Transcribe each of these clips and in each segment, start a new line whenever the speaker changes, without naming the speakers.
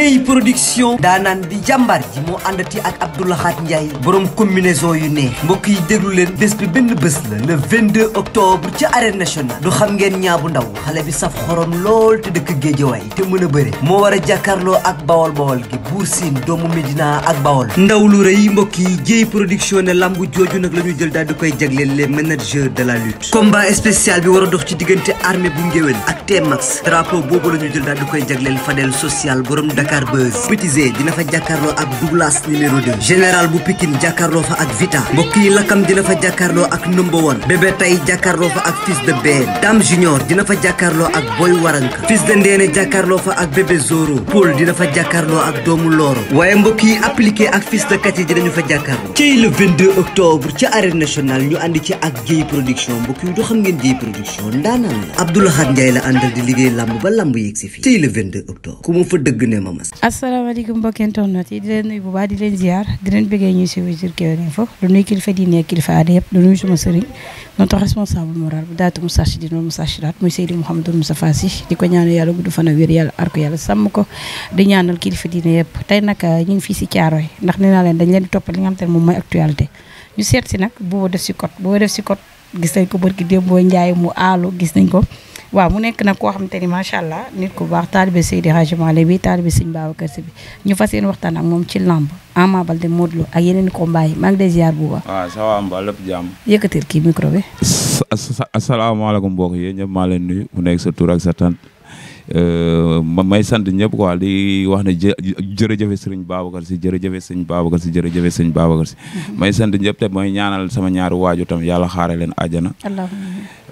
Guèye production daanaan di jàmbaar ji moo àndati ak Abdoulahat Ndiaye borom combinaison yu neex mbokk yi déglu leen bés bi benn bés la le 22 octobre ci arène nationale du xam ngeen ñaa bu ndaw xale bi saf xorom lool te dëkk géejawaay te mën a bëre moo war a jàkkaarloo ak bawol bawol gi buur siin doomu Medina ak bawol ndaw lu rëy mbokk yi Guèye production ne lambu jooju nag la ñu jël daal di koy jagleel les managers de la lutte combat spécial bi war a dox ci diggante armée bu ngéwél T-Max boobu la ñu jël daal di koy jagleel Fadel social borom Dakar Dakar Buzz Bétisé dina fa jàkkaarloo ak Douglas numéro 2 général bu Pikine jàkkaarloo fa ak Vita mbokk yi Lakam dina fa jàkkaarloo ak Number One Bébé Tay jàkkaarloo fa ak Fils de Ben Dame Junior dina fa jàkkaarloo ak Boy Waranka Fils de Ndéene jàkkaarloo fa ak Bébé Zoro Paul dina fa jàkkaarloo ak Doomu Loro waaye mbokk yi appliqué ak Fils de Kati dinañu fa jàkkaarloo ci le 22 octobre ci arène nationale ñu ànd ci ak Dieye production mbokk yi du xam ngeen Dieye production la Abdoulaye Ndiaye la Demba Mas.
asalaamaaleykum mbokki internet yi di leen nuyu bu baax di leen ziar di leen bëggee ñuy suivre sur Kewel Info du kilifa diine ak kilifa aada yëpp du nuyu sama sëriñ notre responsable moral bu daatu Moustarchi di noonu Moustarchi daat muy Seydou Mouhamadou Moustapha Sy di ko ñaanal yàlla gudd fan ak yàlla ar ko yàlla sàmm ko di ñaanal kilifa diine yëpp tey nag euh, ñu ngi fii si Caaroy ndax nee naa leen dañ leen di toppal li nga xam te ne moom mooy actualité ñu seet si nag boo def si code boo si code gis nañ ko bërki démboo Njaay mu aalu gis nañ ko waaw mu nekk nag koo xamante ni macha allah nit ku baax taalibe Seydi Hadji Malick bi taalibe Serigne Babacar Sy bi ñu fas yéen waxtaan ak moom ci lamb Ama Baldé Modou Lô ak yeneen combat yi maa de lay ziar bu baax.
waaw ça va mbaa lépp jàmm.
yëkkatil kii micro bi.
asalaamaaleykum mbokk yi ñëpp maa nuyu mu nekk sa tur ak sa tant Euh, ma may sant ñëpp quoi di wax ne jërëjëfe sëriñ Babacar si jërëjëfe sëriñ Babacar si jërëjëfe sëriñ Babacar si mhm. may sant ñëpp te may ñaanal sama ñaari waajo tam yàlla xaare leen àjjana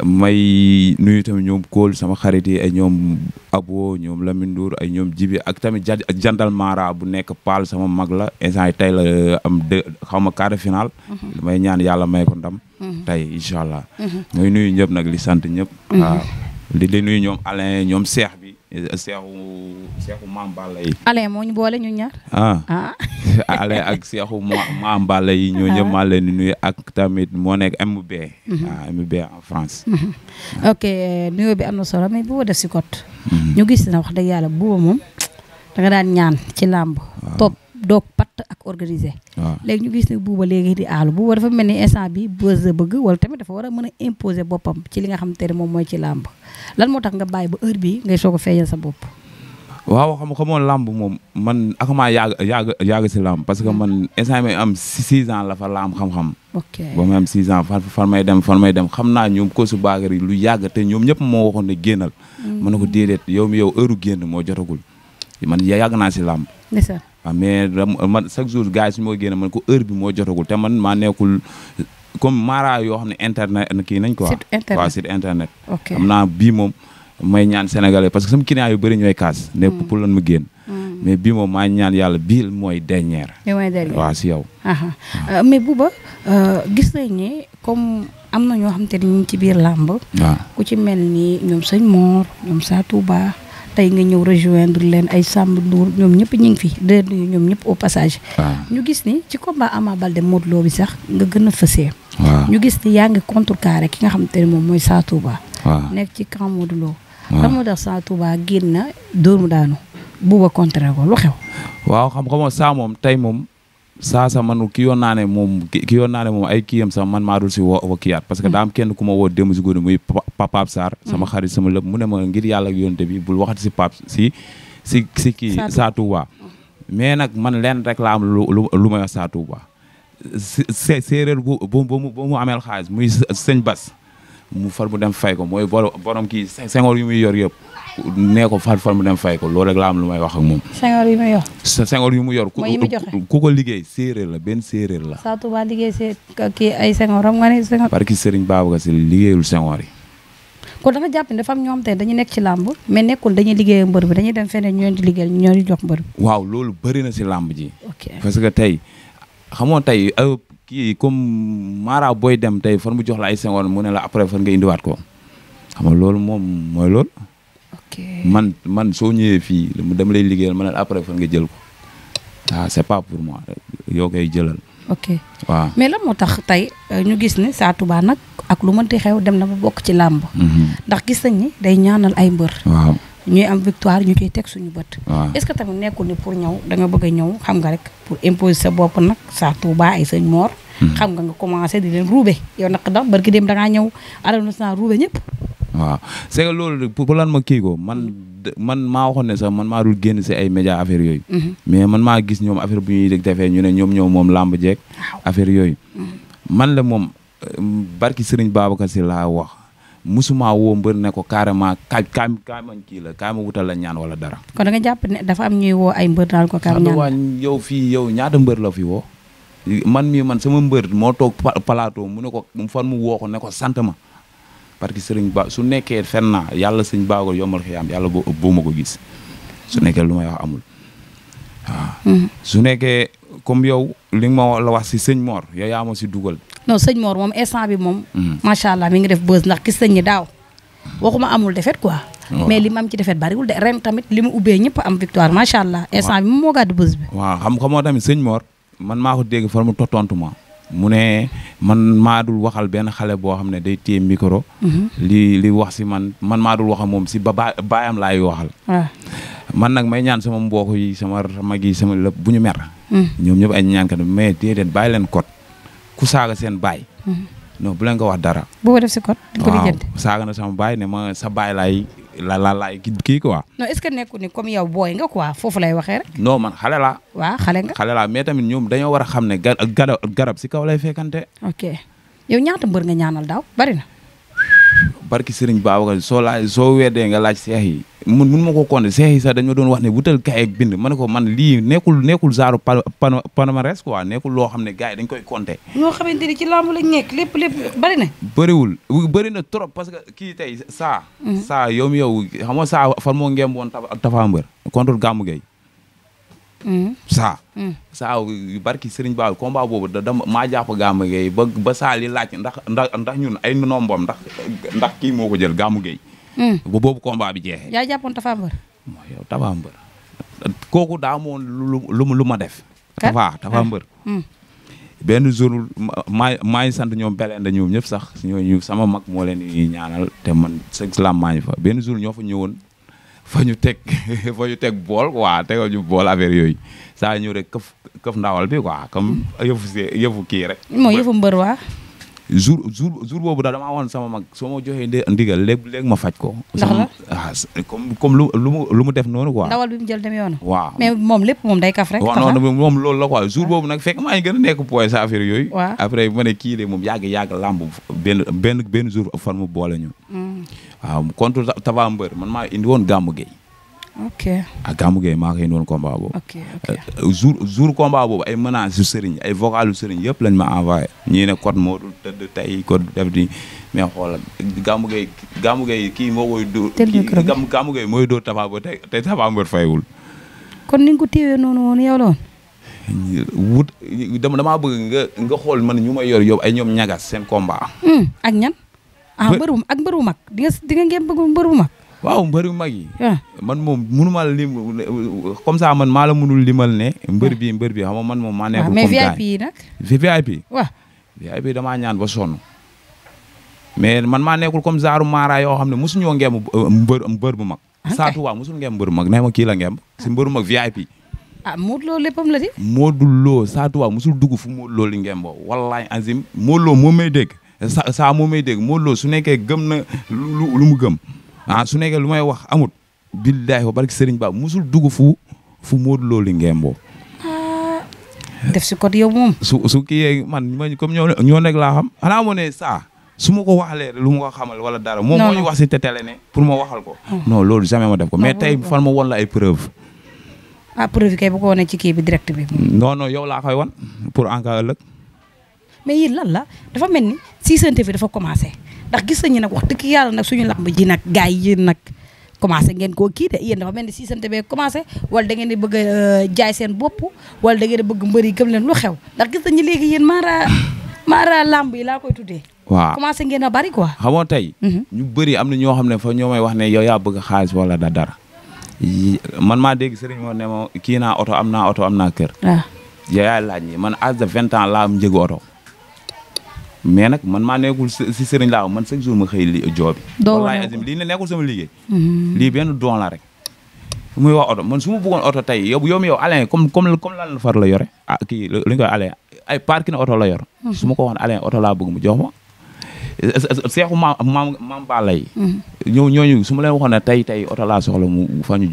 may nuyu tamit ñoom Kool sama xarit yi ay ñoom Abo ñoom Lamine Ndour ay ñoom Jibi ak tamit jandal Mara bu nekk Paal sama mag la instant yi tey la euh, am de ma quart de mhm. may ñaan yàlla may ko ndam mhm. tey incha may nuyu ñëpp nag sant ñëpp di di nuyu ñoom Alain ñoom seex bi seexu seexu maam Balla yi.
Alain moo ñu boole ñu ñaar. ah, ah. Alain
ak seexu maam Balla yi ñoo ñëpp ah. maa leen di ak tamit moo nekk MB. Mhm. ah MB en France.
Mhm. Ah. ok nuyoo bi am na solo mais bu def si kot. Mhm. ñu gis na wax dëgg yàlla bu moom da nga daan ñaan ci làmb. topp doog patt ak organiser ah. léegi ñu gis ne buuba léegi di aalu buuba dafa mel ni instant bi buzz la wala tamit dafa war a mën a imposer boppam ci li nga xam te ne moom mooy ci làmb lan moo tax nga bàyyi ba heure bi nga soog a feeñal sa bopp
waaw xam xamoon làmb moom man ak maa yàgg yàgg yàgg si làmb parce que man instant may am six ans la fa làmb xam-xam ok ba am six ans fan fan may dem fan may dem xam naa ñoom ko su baakar yi lu yàgg te ñoom ñëpp moo waxoon ne génnal mm. ma ne ko déedéet yow mi yow heure génn moo jotagul man yàgg naa si làmb waaw ah, mais man chaque jour gars yi su ma génne man ko heure bi moo jotagul te man maa nekkul comme mara yoo xam ne internet kii nañ ko site internet waaw site internet. ok xam naa bii may ñaan sénégalais parce que sama client bëri ñooy kaas. Mm. ne pour lan ma
mm.
mais bii moom maa ñaan yàlla bii mooy dernière. bii si yow.
Euh, mais Bouba euh, gis nañ ne comme am na ñoo xam te ne ñu ci biir làmb. waaw ku ci mel ni ñoom sëñ Mor ñoom Sa Touba. tey nga ñëw rejoindre leen ay Samb Ndour ñoom ñëpp ñu ngi fi de nuyu ñoom ñëpp au passage. ñu gis ni ci combat Ama Baldé Modou Lo bi sax nga gën a fësee. ñu gis ni yaa ngi contrecarré ki nga xamante ne moom mooy Sa Touba. nekk ci camp Modou Lo. waaw moo tax Sa Touba génn na dóor mu daanu. buuba contraire ko lu xew.
waaw moom saa moom tey sa ki yoon naa moom ki yoon naa moom ay kii yam sax man maa dul si woo kiyaat parce que hmm. daa kenn ku ma woo démb si guddi muy Pape Sarr sama mhm. xarit sama lépp mu ne ma ngir yàlla ak yonte bi bul waxati si Pape si si si kii Sa Touba mais nag man leen rek laa am lu lu may wax Sa Touba séeréer bu bu bu mu ameel xaalis muy sëñ Bas mu far mu dem fay ko mooy borom kii sengoor yu muy yor yëpp nee ko far far mu fay ko loolu rek laa am lu may wax ak moom.
sengoor yu muy yor.
sengoor yor. mooy yi mu liggéey séeréer la benn séeréer la. Sa
Touba liggéey see kii ay sengoor xam nga ne
sengoor. Si liggéeyul sengoor yi.
kon dafa jàpp ne fam ñoom ñoo te dañu nekk ci làmb mais nekkul dañuy liggéey mbër bi dañuy dem feneen ñoo di liggéeyal ñoo di jox mbër bi
waaw loolu bëri na si làmb ji ok parce que tey xamoo tey euh, kii comme Mara booy dem tey fan mu jox la ay sengoon mu ne la après fan nga indiwaat ko xam nga loolu moom mooy lool ok man man soo ñëwee fi dama lay liggéeyal ma ne la après fan nga jël ko waaw ah, c'est pas pour moi yow koy jëlal
ok waaw mais lan moo tax tey euh, ñu gis ne Sa Touba nag ak lu man mënti xew dem na ba bokk ci làmb mhm. ndax gis nañ ni day ñaanal ay mbër ñu ñuy am victoire ñu ciy teg suñu bët est-ce que tamit nekkul ni pour ñëw danga nga bëgg a ñëw xam nga rek pour imposer sa bopp nag Sa Touba ay sëñ moor mhm. xam nga nga commencé di leen ruube yow nag da barki dem da ngaa ñëw aral na ruube ñëpp
waaw c'est que loolu pour lan ma kii ko man maa waxoon ne sax man maa dul génn si ay média affaire yooyu. Mhm. mais man maa gis ñoom affaire bu ñuy defee ñu ne ñoom ñoom moom làmb jeeg. affaire yooyu. Mhm. man la moom euh, barki Serigne Babacar si laa wax musuma woo mbër ne ko carrément kaay kaay kaay ma kii la kaay wutal la ñaan wala dara.
kon da nga jàpp ne dafa am ñuy woo ay mbër daal ko. kaay
ñaan yow fii yow ñaata mbër la fi woo. man mii man sama mbër moo toog palaatoo mu ne ko fan mu woo ko ne ko sant ma. parce que sëriñ ba su nekkee fen yàlla sëñ baago yombal xiyaam yàlla boo ëpp boo ma ko gis su nekkee lu may wax amul waaw mm-hmm. su nekkee comme yow li nga ma la wax si sëñ moor yow yaa si dugal
non sëñ moor moom instant bi moom mm. macha allah mi ngi def bës ndax gis sëñ ñi daaw mm. waxuma amul defet quoi mais li mu am ci defet wul de ren tamit li mu ubbee ñëpp am victoire macha allah instant bi moom moo gàddu bës bi
waaw xam xamoo tamit sëñ moor man maa ko dégg far mu totontu mu ne man maadul waxal benn xale boo xam ne day téye micro. Mhm. li li wax si man man maa wax moom si ba baayam laay waxal. man nag may ñaan sama mbokk yi sama mag yi sama lépp bu ñu mer. Mhm. ñoom ñëpp ay ñaan kat mais déedéet bàyyi leen code ku saaga seen baay. Mhm. non bu leen ko wax dara.
bu ko def si code. di
saaga na sama baay ma sa baay laay. la la laay kii quoi.
non est ce que nekku ni comme yow booy nga quoi foofu lay waxee rek.
non man xale laa. xale nga xale laa mais tamit ñoom dañoo war a xam ne garab garab si kaw lay fekkante.
ok yow ñaata mbër nga ñaanal daaw bari na.
barki sëriñ Babacar soo laaj soo weddee nga laaj seex yi mun mun ma ko compter seex yi sax dañ doon wax ne wutal kaay ak bind ma ne ko man lii nekkul nekkul genre palmarès quoi nekkul loo xam ne gars yi dañ koy compter.
ñoo xamante ni ci làmb lañ nekk lépp lépp bëri na.
bëriwul bëri na trop parce que kii tey saa. Mhm. saa yow mi yow xam nga saa fan moo ngemboon Tafa Mbër contre Gamou Gueye saa mm. saa yu barki sëriñ baaw combat boobu da dama maa jàpp gàmmu géey ba saali laaj ndax ndax ndax ñun ay nomboom ndax ndax kii moo ko jël gàmmu géey mm. ba boobu combat bi jeexee
yaa jàppoon Tapha Mbeur
moo lu ma def Tapha Tapha mm. Mbeur benn jour maa maa ñoom beleen da ñoom ñëpp sax ñooñu sama mag moo leen ñaanal te man sëg lam maa ngi fa benn jour ñoo fa ñëwoon fa ñu teg fa ñu teg bool quoi tegal ñu bool affaire yooyu saa ñëw rek këf këf ndawal bi quoi comme yëfu see kii rek.
mooy yëfu mbër waa.
jour jour jour boobu daal damaa woon sama mag soo ma joxee ndigal léegi léegi ma faj ko. ndax la ah, comme comme lu lu mu def noonu quoi. ndawal
bi mu jël dem yoonu. waaw mais moom lépp moom day kaf rek. waaw non
moom loolu la quoi jour boobu nag fekk maa ngi gën a nekk poids sa affaire yooyu. après ma ne kii de moom yàgg yàgg làmb benn benn benn jour fan mu boole ñu. Mm. waaw ah, contre Tava Mbeur man maa indi woon Gamou
ok ak ah,
Gamou Gueye maa ko indi woon combat boobu. ok ok euh, jour jour combat boobu ay menaces yu sëriñ ay vocalu sëriñ yëpp lañ ma envoyé. ñii ne code moo dul tëdd tey code def di mais xoolal Gamou Gueye Gamou kii moo koy. dóor kii Gamou Gueye mooy dóor Tava Mbeur tey tey Tava Mbeur fayul.
kon ni nga ko téewee noonu woon yow
dama damaa bëgg nga nga xool man ñu may yor yow ay ñoom ñagas seen combat.
Hmm, ak ñan. ah mbër bu mag di nga di nga ngeen bëgg mbër bu mag.
waaw mbër bu mag ah. man moom mënu maa la lim comme ça man maa la mënul limal ne. mbër bi man moom maa nekkul. Ah, comme gars man maa nekkul comme genre mara yoo xam ne mosuñoo ngeem euh, mbër mbër bu mag. Ah, saatu wa mosul ngeem mbër bu mag nee ma kii la ngeem. si mbër bu mag VIP.
ah Modou Lo la di.
Modou saatu waa mosul dugg fu Modou Lo li ngeem boo wallaay azim Modou Lo moo sa saa moo may dégg Modou Lo su nekkee gëm na lu mu gëm ah su nekkee lu may wax amut billaahi wa barki Serigne Ba musul dugg fu fu Modou Lo li ngemboo
ah, def si code yow moom.
su su kii man man comme ñoo ñoo laa xam anaa moo ne saa su ma ko
waxalee lu mu ko xamal wala
dara. moom moo ñu wax si télé ne pour ma waxal ko. Oh. non lool jamais ma def ko mais tey fan ma won la ay preuve
ah preuve kay bu ci kii bi direct bi.
non non yow laa koy wan pour en cas
mais yéen lan la dafa mel ni siisante bi dafa commencé ndax gis nañu nag wax dëgg yàlla nag suñu lamb ji nag gars yi yéen nag commencé ngeen koo kii de yéen dafa mel ni siisante bee commencé wala da ngeen di bëgg a euh, jaay seen bopp wala da ngeen di bëgg mbër yi gëm leen lu xew ndax gis nañu léegi yéen maara maara lamb yi laa koy tuddee. waaw commencé ngeen a bari quoi. xamoo tey. Mhm.
ñu bëri am na ñoo xam ne fa ñoo may wax ne yow yaa bëgg xaalis wala da dara. man maa dégg sëriñ moo ma kii naa oto am naa oto am naa kër. waaw ah. yow man âge vingt ans laa am njëgu mais nag man maa nekkul si sëriñ laa man chaque jour ma xëy li joobi wallaay azim lii ne nekkul sama liggéey mm-hmm. lii benn don la rek muy wax oto man su ma bëggoon oto tey yow yow mi yow comme comme comme la far la yore ah ay parking oto la yor mm-hmm. su ma ko waxoon Alain oto laa bëgg mu jox ma seexu maam maam maam balay mm-hmm. ñoo ñooñu su ma leen waxoon ne tey tey oto la soxla mu fa ñu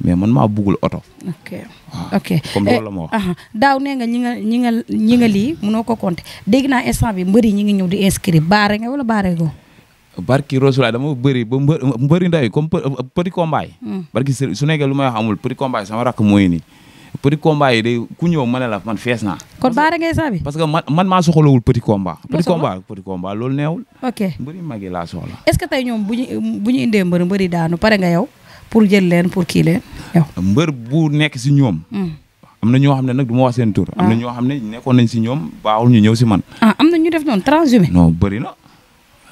mais man maa buggul oto. ok ah, ok comme eh,
daaw nee nga ñi nga ñi nga ñi nga lii mënoo ko compter dégg naa instant bi mbëri ñi ngi ñëw di inscrire baare nga wala baare go
barki Rosulaay dama bëri ba mbëri ndaw yi comme petit combat hmm. su nekkee lu ma wax amul petit combat yi sama rakk mooy nii petit combat ku ñëw ma la man fees naa.
kon baare ngay saa bi.
parce que man man maa soxlawul petit combat. petit combat petit combat loolu neewul. ok mbëri
ce que tey ñoom bu ñu bu ñu indee mbëri mbëri daanu pare nga yow. pour jël leen pour kii leen
mbër bu nekk si ñoom. Mm. am na ñoo xam ne nag du ma wax seen tur. am na ah. ñoo xam ne nekkoon nañ si ñoom baaxul ñu ñëw si man.
ah am na ñu def noonu transhumé.
non bëri na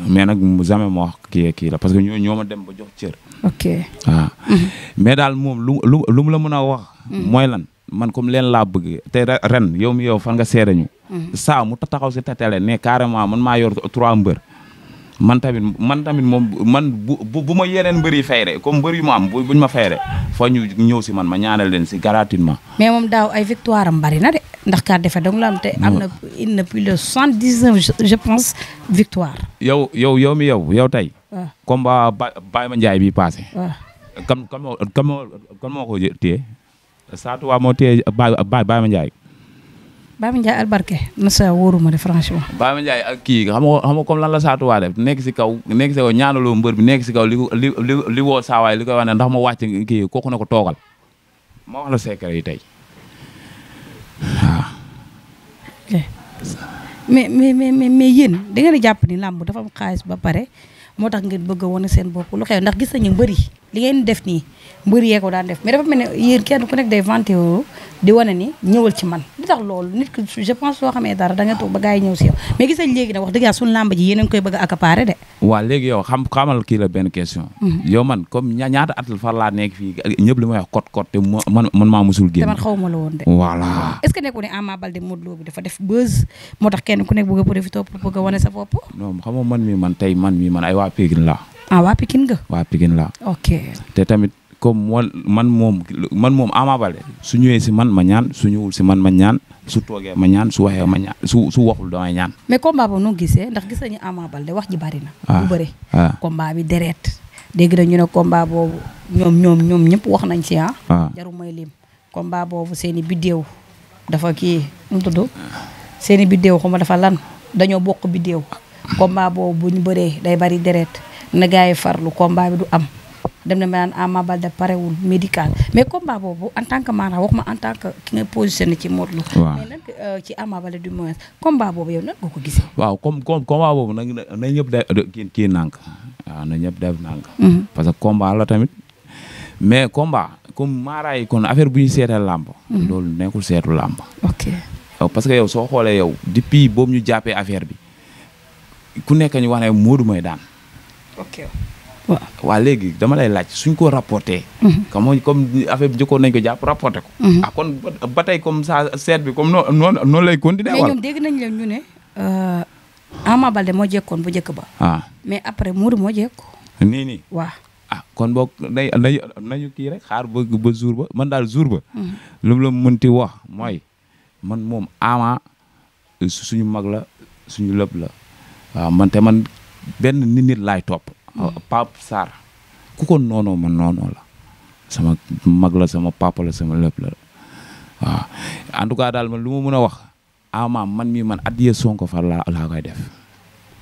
mais nag jamais ma wax kii kii la parce que ñoo ñoo ma dem ba jox cër. ok waaw. Ah. Mm-hmm. mais daal moom lu lu lu mu la mën a wax. Mm. mooy lan man comme leen laa bëgg te ren yow mi yow fan nga seere ñu. Mm. saa mu taxaw si tatale ne carrément man maa yor trois mbër. man tamit man tamit moom man bu bu ma yeneen mbëri fayre comme mbër yu ma am buñ ma fayre fa ñu ñëw si man ma ñaanal leen si gratuitement.
mais moom daaw ay victoire am bari na de ndax kaa defe dong la am te. am na il na plus de soixante dix neuf je pense victoire.
yow yow yow mi yow yow tey. comme combat Baye Ma Ndiaye bi passé. waaw kan kan moo kan moo moo ko téye. Saatuwa moo téye Baye Baye Ma Ndiaye.
Baami Ndiaye albarke Moussa wóoruma de franchement.
Baami Ndiaye ak kii xam nga xam nga comme lan la saatuwaa def nekk si kaw nekk si kaw ñaanaloo mbër bi nekk si kaw li li li li woo saawaay li koy wax ndax ma wàcc kii kooku na ko toogal ma wax la secret yi tey waaw.
ok mais mais mais mais yéen da ngeen di jàpp ni làmb dafa am xaalis ba pare moo tax ngeen bëgg a wane seen bopp lu xew ndax gis nañu bëri. li ngeen def nii mbër yeeko daan def mais dafa mel ne yéen kenn ku nekk day vanté di wane ni ñëwal ci man li tax loolu nit ki je pense soo xamee dara da nga toog ba gars yi ñëw si yow mais gis nañ léegi nag wax dëgg yàlla a koy bëgg a accaparer de.
waaw léegi yow question. Mhm. yow ñaata at far laa nekk fii ñëpp li ma wax kot kot te man maa musul génn. te man xaw ma la woon de. voilà
est ce que nekkul ne Ama Baldé Modou Lô bi dafa def buzz moo tax kenn ku nekk bëgg a profité pour bëgg a wane sa bopp.
non xam man mi man tey man mi man ay waa
ah waa Pikine nga.
waa Pikine la ok te tamit comme man moom man moom Ama su ñëwee si man ma ñaan su ñëwul si man ma ñaan su toogee ma ñaan su waxee ma su su waxul damay ñaan.
mais combat boobu nu gisee ndax gis nañu Ama de wax ji bari na. bu ah, bëri ah. combat bi deret. dégg nañu ne combat boobu ñoom ñoom ñoom ñëpp wax nañ si ah. ah. jaru may lim combat boobu seeni i biddéew dafa ki nu mu tudd seen i biddéew xuma dafa lan dañoo bokk biddéew combat boobu bu ñu bëree day bari deret. na yi farlu combat bi du am dem na ma naan ah, Ama Baldé parewul médical mais combat boobu en tant que maanaam wax ma en tant que ki nga positionné ci Modou Lô. Euh, boobu yow nag nga ko
waaw comme comme combat boobu nag na ñëpp day kii kii nànk waaw na ñëpp def nànk. Mm-hmm. parce que combat la tamit mais comba comme maaraay yi kon affaire bu ñu seetal làmb.
Mm-hmm. loolu
nekkul seetu làmb. ok parce que yow soo xoolee yow depuis boobu ñu jàppee affaire bi ku nekk ñu wax ne Modou mooy daan. ok waa léegi dama lay laaj suñ ko rapporté. Mhm. comme comme affaire bi njëkkoon nañ ko jàpp rapporté ko. Mhm. ah kon ba tey comme ça seet bi comme noonu noonu lay continué. di mais ñoom
dégg nañ leen ñu ne. Euh, Ama Balde moo jekkoon bu njëkk ba. ah mais après Modou moo jekko.
nii nii waaw. ah kon boog day day nañu kii rek xaar ba ba jour ba man daal jour ba. Mhm. lu mu la mënti wax mooy man moom Ama suñu mag la suñu lépp la waaw te man. benn nit nit laay topp. Hmm. Ah, Pape Sarr ku ko noonoo ma noonoo la sama mag la sama papa la sama lépp la waaw en tout cas daal ma lu ma mën a wax ah, ama man mii man addiye Sonko fa laa laa koy def.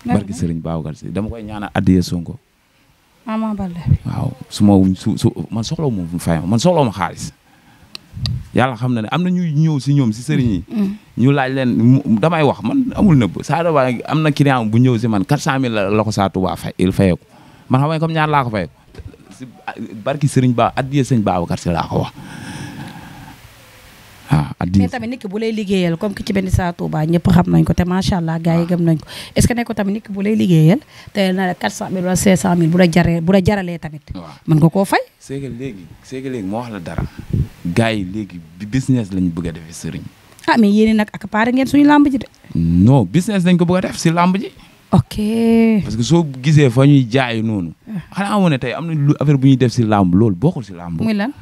barki Serigne Babacar Sy dama koy ñaanal addiye Sonko. Ama ma su su man soxla wu ma fay man soxla wu ma xaalis. yàlla xam na ne am na ñuy ñëw si ñoom si sëriñ mm-hmm. ñu laaj leen damay wax man amul nëbb saa dabaa am na client bu ñëw si man 400000 la la ko saatu Touba fay il fayee ko man xam nga comme ñaar laa ko fayee ko si ah, barki sëriñ Ba addiya sëriñ Babacar Si laa ko wax. ah mais
tamit nit ki bu lay liggéeyal comme ki ci benn saa Touba ñëpp xam nañ ko te macha allah gars yi gëm ko est ce que nekko tamit nit ki bu lay liggéeyal te na la 400000 wala 500000 bu la tamit. waaw mën nga koo fay. c' est que moo wax la dara
gars yi léegi business lañu bëgg a defee sëriñ.
ah mais yéen nag ak pare ngeen suñu làmb ji de.
non business lañ ko bëgg a def si làmb ji. ok parce que soo gisee fa ñuy jaay noonu. Ah. xanaa amoon ne tey am na lu affaire bu ñuy def si làmb loolu bokkul si làmb. muy lan.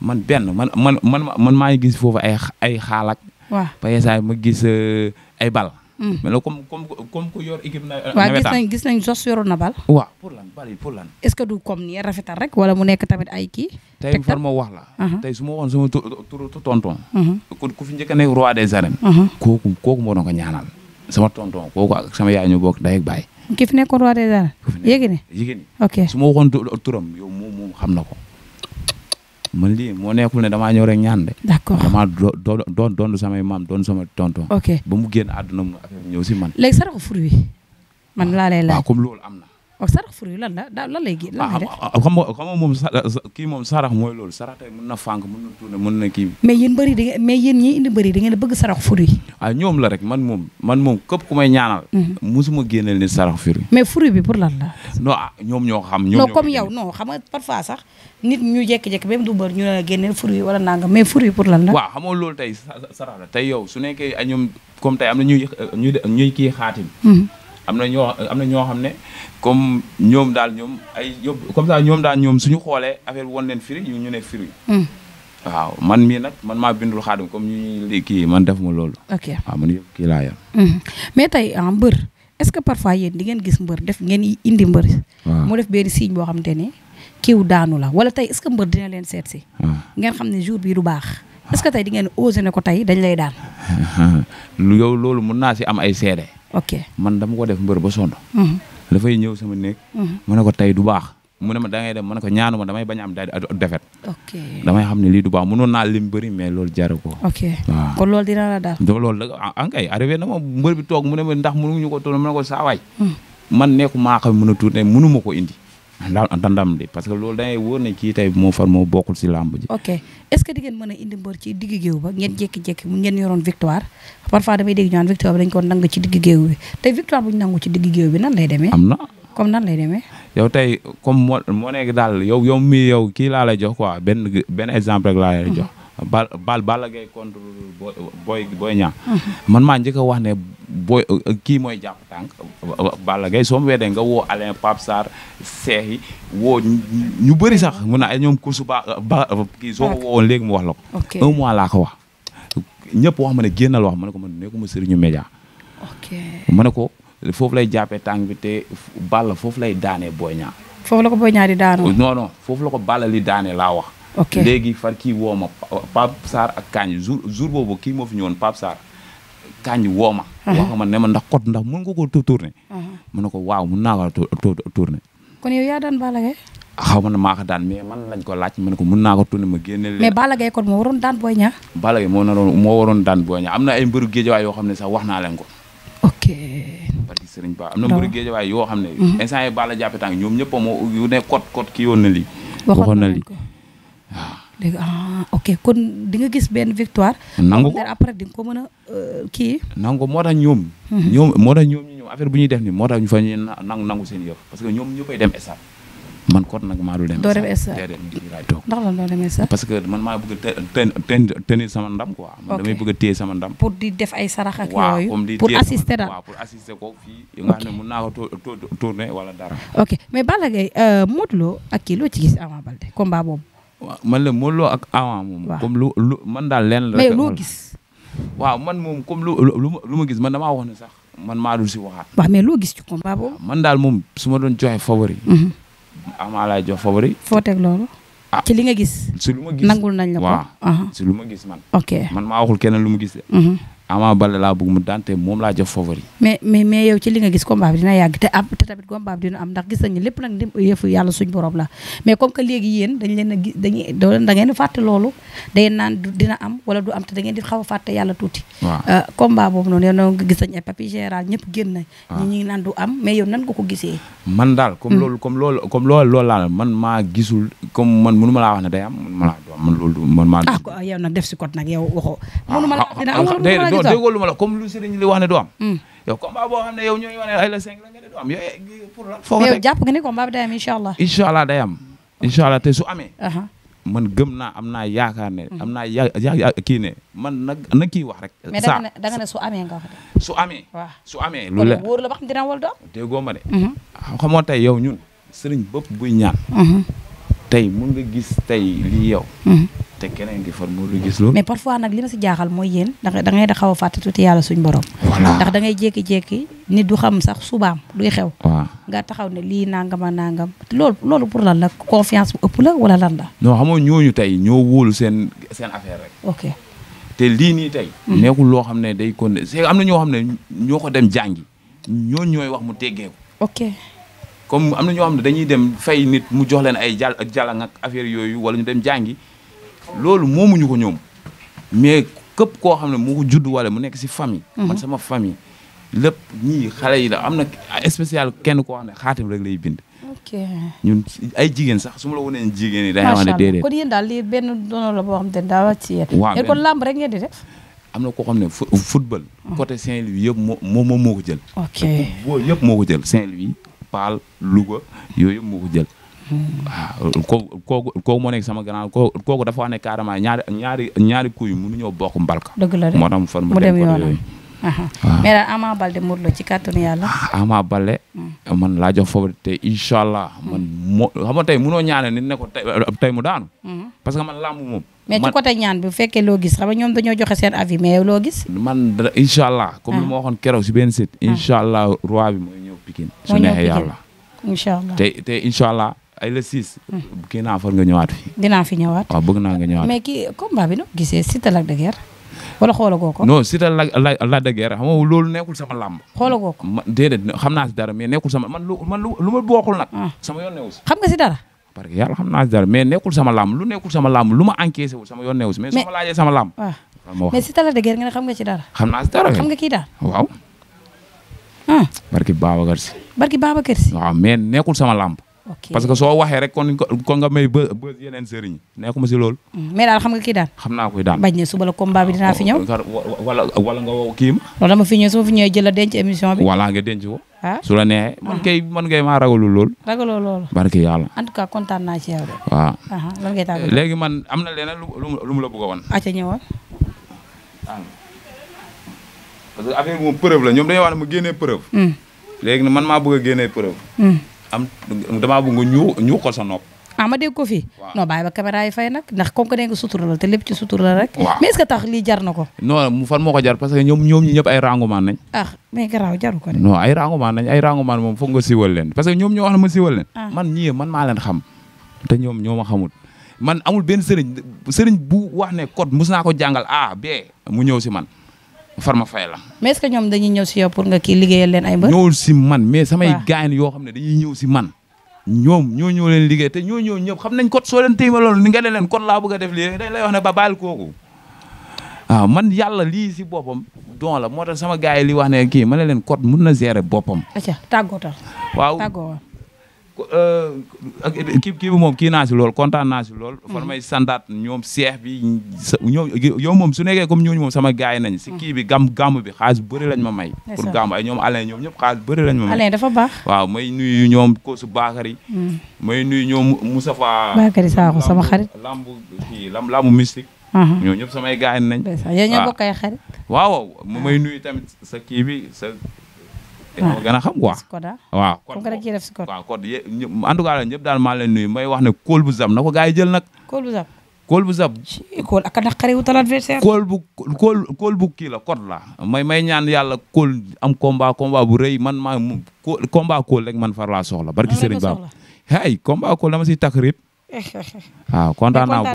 man benn man man man maa ngi gis foofu ay ay wa waaw payesaay ma gis euh, ay bal mm. mais nag comme comme comme ku yor équipe na euh, waaw
gis nañ gis na bal waaw pour lan bal yi que du comme nii rafetal rek wala mu nekk tamit ay kii tey far
ma wax la uh-huh. tey su ma waxoon sama tur tonton uh-huh. kon fi njëkk a nekk roi des arènes uh-huh. kooku kooku moo doon ko ñaanal sama tonton kooku ak sama yaay ñu day baay
ki ne yéegi ne
ok su ma waxoon turam yow moom moom xam na ko man lii moo nekkul ne damaa ñëw rek ñaan de. d'accord damaa doon doon doon samay maam doon sama tonton. ok ba mu génn àdduna mu ñëw si man. léegi
saraxu fur wi man laa lay laaj. waaw comme loolu am na. waaw oh, sarax fruit lan la lan lay gi lan lay def
ah, xam nga xam nga moom kii moom sarax mooy loolu sarax tey mën na fànk mën na tuune mën na kii
mais yéen bëri da ngeen mais yéen ñi indi bëri da ngeen bëgg sarax fruit
ah ñoom la rek man moom man moom képp ku may mhm. musuma génneel ni sarax fruit
mais fruit bi pour lan la
non ah ñoom ñoo xam ñoom non comme
yow non xam nga parfois sax nit ñu jekki jékki même du bër ñu ne génneel fruit wala nangam mais fruit pour lan la waaw xam
nga loolu tey sarax la tey yow su nekkee ñoom comme tey am na ñuy ñuy kii xaatim mhm. am na ñoo am na ñoo xam ne comme ñoom daal ñoom ay yóbbu comme ñoom daal ñoom suñu xoolee affaire woon leen firi ñu ñu ne firi. Hmm. waaw man mii nag man maa bindul xaadim comme ñu ñuy kii man def ma loolu. ok waaw man yëpp kii laa yor.
Hmm. mais tey ah mbër est-ce que parfois yéen di ngeen gis mbër def ngeen indi mbër. waaw mu def benn signe boo xamante ne kiw daanu la wala tey est-ce que mbër dina leen seet si. ngeen xam ne jour bii du baax. est-ce que tey di ngeen osé ne ko tey dañ lay daan.
yow loolu mun naa si am ay seede. ok man dama ko def mbër ba sonn. Mhm. dafay ñëw sama néeg. mu mhm. ne ko tey du baax. mu ne ma da ngay dem ma ne ko ñaanu ma damay bañ am daal di defet.
ok damay
xam ne lii du baax mënoon naa lim bëri mais loolu ko.
ok waaw kon dina la daal.
a loolu a en ah, ah, kay arrivé na ma mbër bi toog mu ne ma ndax mënuñu ko toog mu ne ko saawaay. Mhm. man nekku maa xam mën a tourné mënu ma ko indi. ndam ndam di parce que loolu dangay wóor ne kii tey moo far moo bokkul si làmb ji.
ok est ce que indi mbër ci digg géew ba ngeen jékki-jékki ngeen yoroon victoire parfois damay dégg ñu naan victoire bi dañ ko nan lay demee.
yow tey comme moo moo nekk daal yow yow mii yow kii laa lay jox quoi benn benn exemple rek laa lay jox. Mhm. bal bal Balla Gaye contre mhm. a booy kii mooy jàpp tànk Balla Gaye soo mu nga woo Alain Pape Sarr seex yi woo ñu bëri sax mun na ay ñoom kursu ba ba kii soo ko léegi mu wax la ko un mois laa ko wax ñëpp wax ma ne génnal wax ma ne ko man nekkuma sëriñu média ma ne ko foofu lay jàppee tànk bi te Balla foofu lay daane Boy Niang
foofu la ko Boy Niang di daanoo
non non foofu la ko Balla li daanee laa wax léegi far kii woo ma Pape Sarr ak Kañ jour boobu kii moo fi ñëwoon Pape Sarr kaañ woo ma. wax ma ne ma ndax code ndax mën nga koo tourner. mu ne ko waaw mën naa koo tourner.
kon yow yaa daan Balla Gaye.
xaw ma ne maa ko daan mais man lañ ko laaj ma ne ko ma génne leen. mais
Balla Gaye kon moo waroon daan Boy Niang.
Balla Gaye moo naroon moo waroon daan Boy am na ay mbëru géejawaay yoo xam ne sax wax naa Ba am na mbëru géejawaay yoo xam ne. Mhm. instant yii Balla a moo
léegi ah ok kon di nga gis benn victoire. ko après di nga ko mën a euh, kii.
nangu moo tax ñoom.
Mhm. ñoom moo ñu
bu ñuy def nii moo tax ñu fa ñu nangu seen yëf parce que ñoom ñu koy dem stade. man kon nag maa dul dem. parce que man maa bëgg a ten ten tenir sama ndam quoi. man damay bëgg a téye sama ndam. pour
di def ay sarax ak yooyu. pour assister daal pour assister ko fii.
nga ne mën naa ko wala dara.
ok mais Balla Gaye euh, Modou ak kii loo ci gis Ama Baldé combat boobu
man la Modou Lo ak Ama moom. comme lu lu man daal lenn la. mais loo gis. waaw man moom comme lu ma gis man damaa wax ne sax man maa lu si waxaat.
waaw mais loo gis ci combat boobu.
man daal moom su ma doon joxe favori. Mhm. Ama laay jox favori. foo
teg loolu. Ah. ci li nga gis. si lu ma gis nangul nañ la ko waaw
gis man. ok Ama Baldé laa bëgg mu daante moom laa jox favori
mais mais mais yow ci li nga gis combat bi dina am te tamit combat bi dina am ndax gis nañu lépp nag ndim yëfu yàlla suñ borom la mais comme que léegi yéen dañ leen a gis dañuy da ngeen fàtte loolu day naan dina am wala du am te da xaw a fàtte yàlla tuuti waaw euh, combat boobu noonu yow noonu gis nañ ay papier ñëpp génn na ñi ñi naan du am mais yow nan ko gisee
man daal comme hmm. loolu comme loolu comme loolu loolu laa man maa gisul comme man mënu ma la wax na day am mënu ma laa man loolu man maa
ah, ah, def si code nag yow ah, ma laa non déggoo lu ma la comme lu sëriñ li wax ne du am. Hmm.
yow combat boo xam ne yow ñooñu wax ne ay la cinq la nga ne du am yow
eh, jàpp nga ne combat bi day am incha allah. incha
allah day su amee. man gëm naa am naa yaakaar ne. Hmm. am naa ya ya kii ne man nag na kii wax rek. saa mais
danga su amee nga wax de. su amee. waaw
su amee. lu la kon
wóor la ba xam dina wal
ma de. Hmm. Ah, xamoo tey yow ñun sëriñ bëpp buy ñaan. tey mun nga gis tey lii yow. te keneen ki fan moo lu gis loolu. mais
parfois nag li ma si jaaxal mooy yéen da ngay da ngay xaw a fàtte tuuti yàlla suñ borom. ndax da ngay jékki-jékki nit du xam sax subaam luy xew. nga taxaw ne lii nangam a nangam loolu loolu pour lan la confiance bu ëpp la wala lan la.
non xam nga ñooñu tey ñoo wóolu seen seen affaire rek. ok te lii nii tey. Hmm. nekkul loo xam ne day kon am na ñoo xam ne ñoo ko dem jàngi ñooñu ñooy wax mu teggeeku. ok. comme am na ñoo xam ne dañuy dem fay nit mu jox leen ay jàll ak jàllang ak affaire yooyu wala ñu dem jàngi loolu moomuñu ko ñoom mais képp koo xam ne moo juddu judd wala mu nekk si famille. Mhm. man sama famille lépp ñii xale yi la am na spécial kenn koo xam ne xaatim rek lay bind. ok ñun ay jigéen sax su ma la waneen jigéen yi. dañoo wax ne déedéet
daal lii benn doono la boo xam te daa wàcc ci yéen. waaw kon làmb rek ngeen di def.
am na koo xam ne football. Mhm. côté Saint-Louis yëpp moo moo moo ko jël. yëpp moo ko jël Saint-Louis Paal Louga yooyu yëpp moo jël. waaw kooku kooku kooku moo nekk sama grand kooku kooku dafa ne carrément ñaari ñaari ñaari kuy mënuñoo bokk mbalka. dëgg la de moo tax mu fan mu dem yoonam waaw mais daal
Ama Balde Modou Lo ci kàttanu yàlla. Ah,
Ama Balde. Hmm. man laa jox foofu te incha allah man hmm. moo xam nga tey munoo ñaanal ko tey daanu. Hmm. parce que man làmb moom.
mais ci côté ñaan bi bu fekkee loo gis xam nga ñoom dañoo joxe seen avis mais loo gis.
man dara incha allah. comme li ah. ma waxoon keroog si benn site. Ah. incha allah roi bi mooy ñëw Pikine. su neexee yàlla. incha allah te te ay le 6. kii naa far nga ñëwaat fi
dinaa fi ñëwaat.
waaw bëgg naa nga ñëwaat mais
kii combat bi nag gisee Siteu Lac de Guiers wala xoolagoo ko. non
Siteu Lac Lac de Guiers xam nga loolu nekkul sama làmb. xoolagoo ko man déedéet xam naa si dara mais nekkul sama man lu man
lu ma bokkul nag. Ah. sama yoon newu si. xam nga si dara.
parce que yàlla xam naa si dara mais nekkul sama làmb lu nekkul sama làmb lu ma encaissé wul sama yoon newu si. mais su ma laajee sama làmb.
waaw mais Siteu Lac de Guiers nga ne xam nga si dara.
xam naa si dara xam nga kii daal waaw. Ah. barki Babacar si.
barki Babacar si. waaw
mais nekkul sama làmb parce que soo waxee rek kon kon nga may bë bë yeneen sëriñ nekkuma si loolu.
Mm. mais daal xam nga kii daan.
xam naa koy daan
bañ ne suba la combat bi dinaa fi ñëw.
Oh, oh, oh, wala wala nga woo kii ma.
loolu dama fi ñëw su ma fi ñëwee jël la denc émission bi. voilà
nga denc ko. ah su la neexee man kay man kay maa ragalu lool. ragaloo lool. barki yàlla.
en tout cas kontaan naa ci yow de. waaw lan ngay tàggatoo. léegi man
am na leneen lu mu la bëgg a wan. ah ca ñëwoon. parce que affaire moom preuve la ñoom dañoo wax ne mu génnee preuve. Mm. léegi man maa bëgg a génnee preuve. Mm. am damaa bëgg nga ñu ñu ko sa nopp.
ah ma dégg ko fii. ba caméra yi ndax comme que nee nga la te lépp ci la rek. waaw mais tax lii jar na ko.
non fan moo ko jar parce que ñoom ñoom ah, ñoom ma siiwal ah. man ñii man maa leen xam te ñoom ñoo ma man amul benn sëriñ sëriñ bu wax ne code ko jàngal A B mu ñëw si man farma fay la.
mais est-ce que ñoom dañuy ñëw si yow pour nga kii liggéeyal leen ay mbër. ñëwul
si man mais samay gaañ yoo xam ne dañuy ñëw si man. ñoom ñoo ñëw leen liggéey te ñoo ñëw ñëpp xam nañ kot soo leen téyma loolu ni nga ne leen kot laa bëgg a def lii dañ lay wax ne ba baal kooku ah, man yàlla lii si boppam don la moo tax sama gars yi li wax ne kii ma ne leen kot mun na gérer boppam.
acca tàggoo
Euh, kii kii bi moom kii naa si lool kontaan naa si lool. Mm-hmm. fan may santaat ñoom seex bi ñoom moom su nekkee comme ñooñu moom sama gaay nañ si mm-hmm. kii bi gam gàmm bi xaalis bëri lañ ma may. pour gàmm ay ñoom Alain ñoom ñëpp xaalis bëri lañ ma may. Alain dafa waaw may nuyu ñoom Kosu Bakary. Mm. may nuyu ñoom Moustapha. Bakary Sakho sama xarit. lambu kii lambu lambu mystique. Uh-huh. ñoo ñëpp samay gaay nañ. waaw ñoo bokk xarit. waaw waaw may nuyu tamit sa kii bi sa.
waaw gën a xam quoi. waaw kon
en tout cas ñëpp daal maa leen nuyu may wax ne kool bu zam na ko gars yi jël nag. kool bu zam. kool bu zam.
kool ak naqari wutal adversaire. kool bu
kool kool bu kii la code la may may ñaan yàlla kool am combat combat bu rëy man maa mu combat kool rek man far laa soxla. barki Serigne Ba ay combat kool dama siy takk rib. Eh, eh, eh. waaw kontaan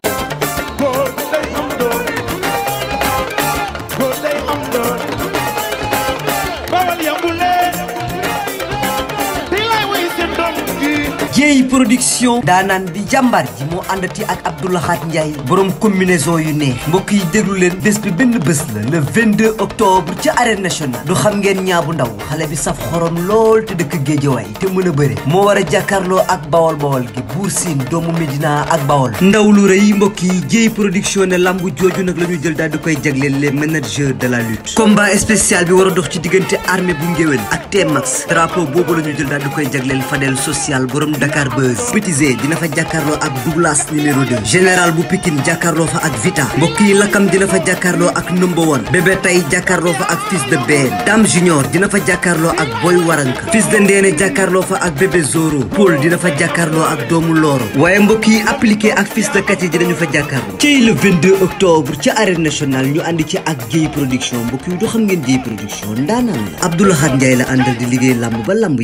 jéey production daanaan di jàmbar ji moo àndati ak Abdoulahat Ndiaye borom combinaison yu neex mbokk yi déglu leen bés bi benn bés la le 22 octobre ci arène nationale du xam ngeen ñaabu ndaw xale bi saf xorom lool te dëkk géejawaay te mën a bëre moo war jàkkarloo ak bawol bawol gi buur siin doomu Medina ak bawol ndaw lu rëy mbokk yi jéey production ne lambu jooju nag la ñu jël daal di koy jagleel les managers de la lutte combat spécial bi war a dox ci diggante armée bu ngéwél ak T-Max drapeau boobu la ñu jël daal di koy jagleel Fadel social borom dak Dakar Buzz dina fa jàkkaarloo ak Douglas numéro 2 général bu Pikine jàkkaarloo fa ak Vita mbokk yi dina fa jàkkaarloo ak number one bébé tay jàkkaarloo fa ak fils de Ben Dame Junior dina fa jàkkaarloo ak Boy Waranka fils de Ndéene jàkkaarloo fa ak bébé Zoro Paul dina fa jàkkaarloo ak doomu Loro waaye mbokk yi appliqué ak fils de Kati ñu fa jàkkaarloo ci le 22 octobre ci arène nationale ñu àndi ci ak Dieye production mbokk yi du xam ngeen Dieye production ndaanaan la la ba lamb